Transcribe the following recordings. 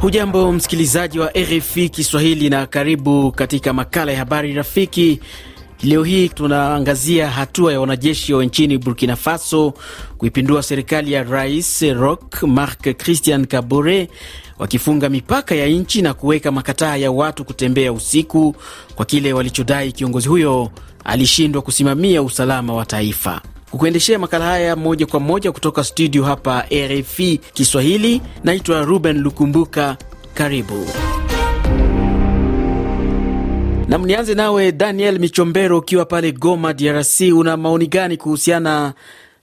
Hujambo msikilizaji wa RFI Kiswahili na karibu katika makala ya habari rafiki. Leo hii tunaangazia hatua ya wanajeshi wa nchini Burkina Faso kuipindua serikali ya Rais Roch Marc Christian Kabore, wakifunga mipaka ya nchi na kuweka makataa ya watu kutembea usiku kwa kile walichodai kiongozi huyo alishindwa kusimamia usalama wa taifa kukuendeshea makala haya moja kwa moja kutoka studio hapa RFI Kiswahili. Naitwa Ruben Lukumbuka, karibu nam. Nianze nawe Daniel Michombero, ukiwa pale Goma, DRC, una maoni gani kuhusiana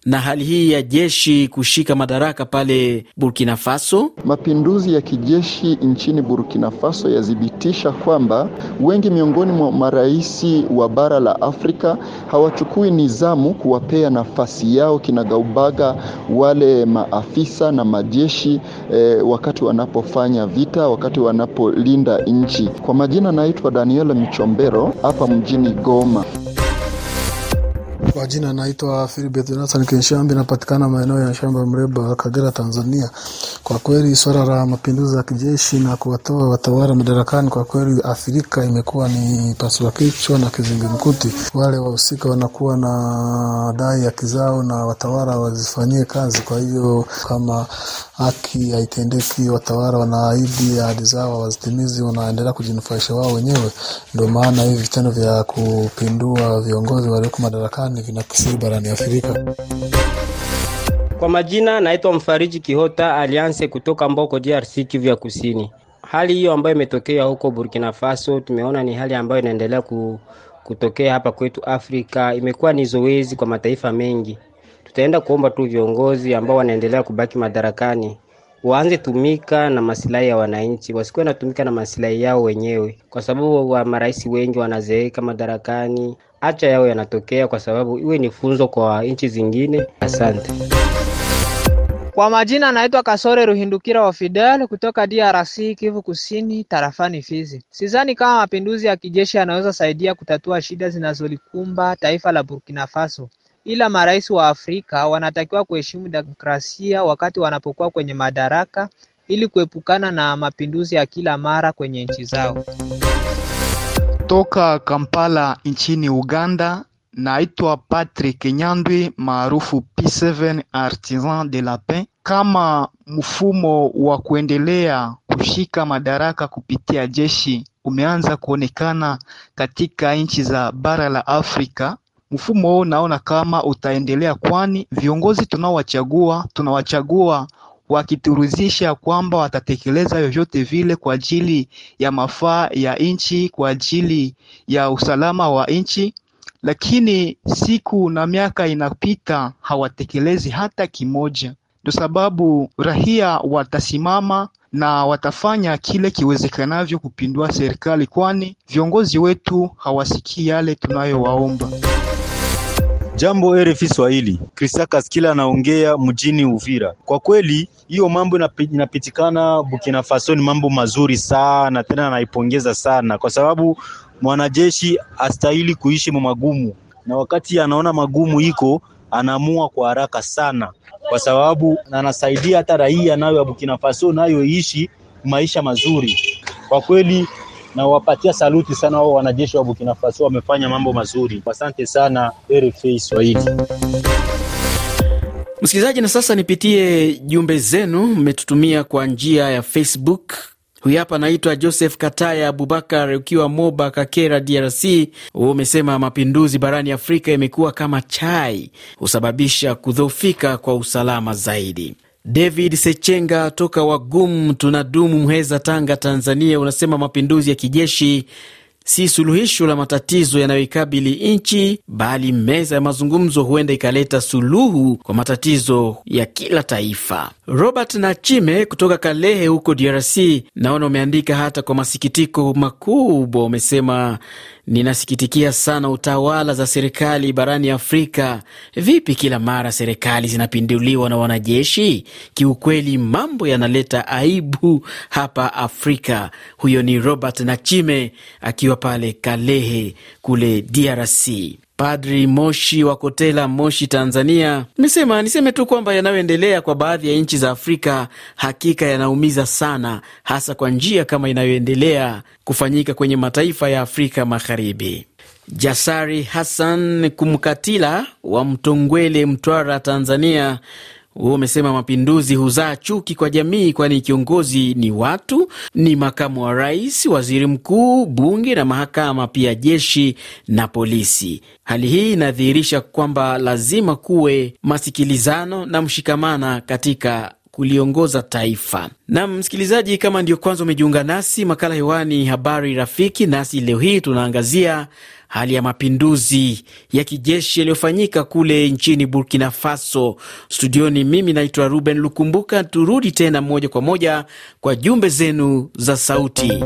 na hali hii ya jeshi kushika madaraka pale Burkina Faso. Mapinduzi ya kijeshi nchini Burkina Faso yathibitisha kwamba wengi miongoni mwa maraisi wa bara la Afrika hawachukui nizamu kuwapea nafasi yao kinagaubaga wale maafisa na majeshi eh, wakati wanapofanya vita, wakati wanapolinda nchi. Kwa majina naitwa Daniela Michombero hapa mjini Goma. Kwa jina naitwa Philbert Jonathan Kenshambi, napatikana maeneo ya shamba Mreba, Kagera, Tanzania. Kwa kweli swala la mapinduzi ya kijeshi na kuwatoa watawala madarakani, kwa kweli Afrika imekuwa ni pasua kichwa na kizingimkuti. Wale wahusika wanakuwa na dai ya kizao na watawala wazifanyie kazi. Kwa hiyo kama haki haitendeki, watawala wanaahidi ahadi zao hawazitimizi, wanaendelea kujinufaisha wao wenyewe. Ndio maana hivi vitendo vya kupindua viongozi walioko madarakani vinakusiri barani Afrika. Kwa majina naitwa Mfariji Kihota Alianse kutoka Mboko, DRC, Kivu ya Kusini. Hali hiyo ambayo imetokea huko Burkina Faso tumeona ni hali ambayo inaendelea ku, kutokea hapa kwetu Afrika. Imekuwa ni zoezi kwa mataifa mengi. Tutaenda kuomba tu viongozi ambao wanaendelea kubaki madarakani waanze tumika na masilahi ya wananchi, wasikuwe wanatumika na masilahi yao wenyewe, kwa sababu wa marais wengi wanazeeka madarakani. Acha yao yanatokea, kwa sababu iwe ni funzo kwa nchi zingine. Asante. Kwa majina anaitwa Kasore Ruhindukira wa Fidel kutoka DRC Kivu Kusini tarafani Fizi. Sidhani kama mapinduzi ya kijeshi yanaweza saidia kutatua shida zinazolikumba taifa la Burkina Faso ila marais wa Afrika wanatakiwa kuheshimu demokrasia wakati wanapokuwa kwenye madaraka ili kuepukana na mapinduzi ya kila mara kwenye nchi zao. Toka Kampala nchini Uganda, naitwa Patrick Nyandwi maarufu P7 Artisan de la Paix. Kama mfumo wa kuendelea kushika madaraka kupitia jeshi umeanza kuonekana katika nchi za bara la Afrika, Mfumo huu naona kama utaendelea kwani viongozi tunaowachagua tunawachagua wakituruzisha kwamba watatekeleza vyovyote vile kwa ajili ya mafaa ya nchi, kwa ajili ya usalama wa nchi, lakini siku na miaka inapita hawatekelezi hata kimoja. Ndio sababu rahia watasimama na watafanya kile kiwezekanavyo kupindua serikali, kwani viongozi wetu hawasikii yale tunayowaomba. Jambo RFI Swahili, Chrisakas Kila anaongea mjini Uvira. Kwa kweli hiyo mambo inapitikana Burkina Faso ni mambo mazuri sana, tena naipongeza sana, kwa sababu mwanajeshi astahili kuishi magumu, na wakati anaona magumu iko anaamua kwa haraka sana, kwa sababu anasaidia hata raia nayo ya Burkina Faso nayo iishi maisha mazuri. Kwa kweli na wapatia saluti sana wao wanajeshi wa Burkina Faso, wamefanya mambo mazuri. Asante sana RFI Swahili. Msikilizaji, na sasa nipitie jumbe zenu mmetutumia kwa njia ya Facebook. Huyu hapa anaitwa Joseph Kataya Abubakar, ukiwa Moba Kakera, DRC. Umesema mapinduzi barani Afrika imekuwa kama chai, husababisha kudhoofika kwa usalama zaidi. David Sechenga toka Wagum tunadumu Mheza, Tanga, Tanzania, unasema mapinduzi ya kijeshi si suluhisho la matatizo yanayoikabili nchi, bali meza ya mazungumzo huenda ikaleta suluhu kwa matatizo ya kila taifa. Robert Nachime kutoka Kalehe huko DRC, naona umeandika hata kwa masikitiko makubwa, umesema Ninasikitikia sana utawala za serikali barani Afrika. Vipi kila mara serikali zinapinduliwa na wanajeshi? Kiukweli mambo yanaleta aibu hapa Afrika. Huyo ni Robert Nachime akiwa pale Kalehe kule DRC. Padri Moshi wa Kotela, Moshi, Tanzania, amesema niseme tu kwamba yanayoendelea kwa baadhi ya nchi za Afrika hakika yanaumiza sana, hasa kwa njia kama inayoendelea kufanyika kwenye mataifa ya Afrika Magharibi. Jasari Hassan Kumkatila wa Mtongwele, Mtwara, Tanzania, huu umesema mapinduzi huzaa chuki kwa jamii, kwani kiongozi ni watu, ni makamu wa rais, waziri mkuu, bunge na mahakama, pia jeshi na polisi. Hali hii inadhihirisha kwamba lazima kuwe masikilizano na mshikamana katika kuliongoza taifa. Na msikilizaji, kama ndiyo kwanza umejiunga nasi, makala hewani Habari Rafiki, nasi leo hii tunaangazia hali ya mapinduzi ya kijeshi yaliyofanyika kule nchini Burkina Faso. Studioni mimi naitwa Ruben Lukumbuka. Turudi tena moja kwa moja kwa jumbe zenu za sauti.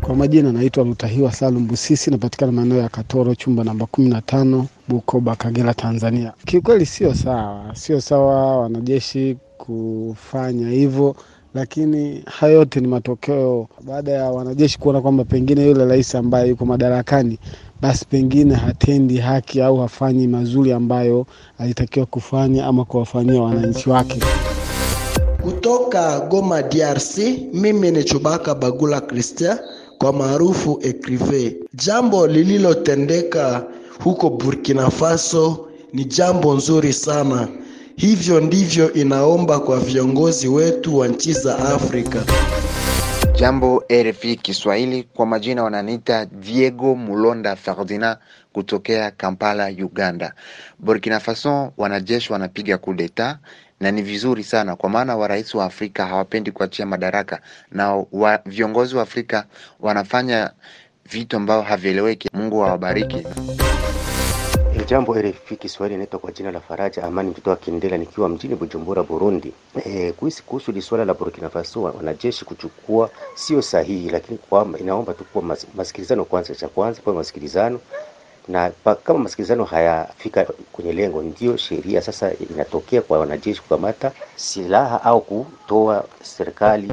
Kwa majina naitwa Lutahiwa Salum Busisi, napatikana maeneo ya Katoro, chumba namba kumi na tano, Bukoba, Kagera, Tanzania. Kiukweli sio sawa, sio sawa wanajeshi kufanya hivyo lakini haya yote ni matokeo baada ya wanajeshi kuona kwamba pengine yule rais ambaye yuko madarakani basi pengine hatendi haki au hafanyi mazuri ambayo alitakiwa kufanya ama kuwafanyia wananchi wake. Kutoka Goma, DRC, mimi ni Chubaka Bagula kristia kwa maarufu Ecrive. Jambo lililotendeka huko Burkina Faso ni jambo nzuri sana Hivyo ndivyo inaomba kwa viongozi wetu wa nchi za Afrika. Jambo RFI Kiswahili, kwa majina wananiita Diego Mulonda Ferdinand kutokea Kampala, Uganda. Burkina Faso wanajeshi wanapiga kudeta na ni vizuri sana kwa maana warais wa Afrika hawapendi kuachia madaraka na wa, viongozi wa Afrika wanafanya vitu ambavyo havieleweki. Mungu awabariki. Jambo RFI Kiswahili, inaitwa kwa jina la Faraja Amani mtoto wa Kindela, nikiwa mjini Bujumbura, Burundi. E, kuhusu kuhusu swala la Burkina Faso wanajeshi kuchukua sio sahihi, lakini kwa inaomba tu kuwa masikilizano kwanza, cha kwanza kwa masikilizano na pa, kama masikilizano hayafika kwenye lengo, ndio sheria sasa inatokea kwa wanajeshi kukamata silaha au kutoa serikali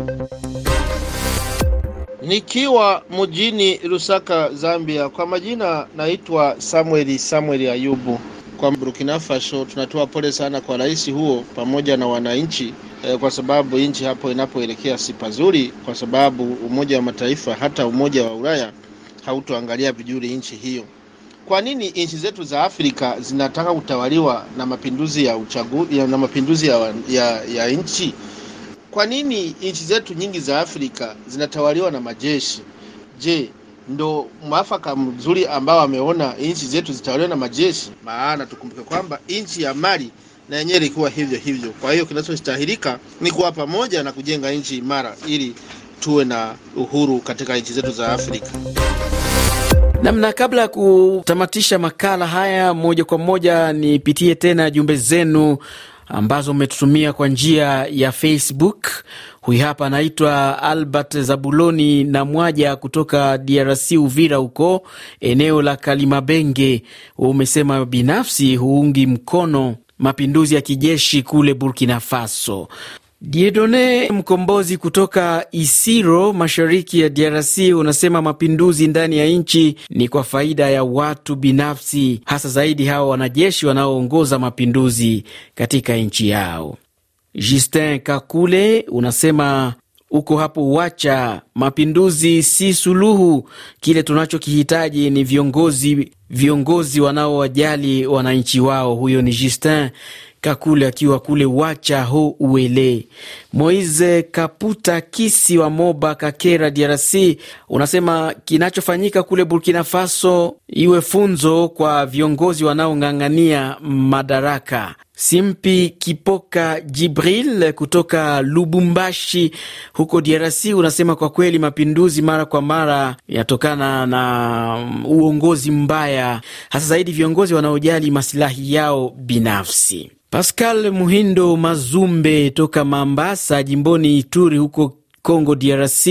Nikiwa mjini Lusaka, Zambia. Kwa majina naitwa Samueli Samueli Ayubu. Kwa Burkina Faso tunatoa pole sana kwa rais huo pamoja na wananchi e, kwa sababu nchi hapo inapoelekea si pazuri, kwa sababu Umoja wa Mataifa hata Umoja wa Ulaya hautoangalia vizuri nchi hiyo. Kwa nini nchi zetu za Afrika zinataka kutawaliwa na mapinduzi ya uchaguzi na mapinduzi ya, ya, ya nchi kwa nini nchi zetu nyingi za Afrika zinatawaliwa na majeshi? Je, ndo mwafaka mzuri ambao ameona nchi zetu zitawaliwa na majeshi? Maana tukumbuke kwamba nchi ya Mali na yenyewe ilikuwa hivyo hivyo. Kwa hiyo kinachostahilika ni kuwa pamoja na kujenga nchi imara ili tuwe na uhuru katika nchi zetu za Afrika. Namna kabla ya kutamatisha makala haya moja kwa moja, nipitie tena jumbe zenu ambazo umetutumia kwa njia ya Facebook. Huyu hapa anaitwa Albert Zabuloni na Mwaja kutoka DRC, Uvira huko eneo la Kalimabenge. Umesema binafsi huungi mkono mapinduzi ya kijeshi kule Burkina Faso. Diedone Mkombozi kutoka Isiro, mashariki ya DRC, unasema mapinduzi ndani ya nchi ni kwa faida ya watu binafsi, hasa zaidi hawa wanajeshi wanaoongoza mapinduzi katika nchi yao. Justin Kakule unasema uko hapo Wacha, mapinduzi si suluhu. Kile tunachokihitaji ni viongozi, viongozi wanaowajali wananchi wao. Huyo ni Justin Kakule akiwa kule wacha ho uele. Moise Kaputa Kisi wa Moba Kakera, DRC, unasema kinachofanyika kule Burkina Faso iwe funzo kwa viongozi wanaong'ang'ania madaraka. Simpi Kipoka Jibril kutoka Lubumbashi huko DRC unasema kwa kweli mapinduzi mara kwa mara yatokana na um, uongozi mbaya, hasa zaidi viongozi wanaojali masilahi yao binafsi. Pascal Muhindo Mazumbe toka Mambasa, jimboni Ituri, huko Congo DRC,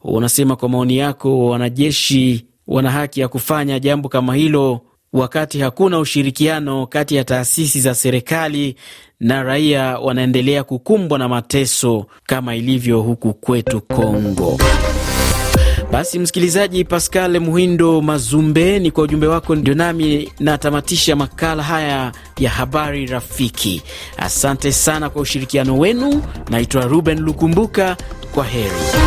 unasema kwa maoni yako, wanajeshi wana haki ya kufanya jambo kama hilo wakati hakuna ushirikiano kati ya taasisi za serikali na raia wanaendelea kukumbwa na mateso kama ilivyo huku kwetu congo basi msikilizaji, Pascal Muhindo Mazumbe, ni kwa ujumbe wako ndio nami natamatisha makala haya ya habari rafiki. Asante sana kwa ushirikiano wenu. Naitwa Ruben Lukumbuka, kwa heri.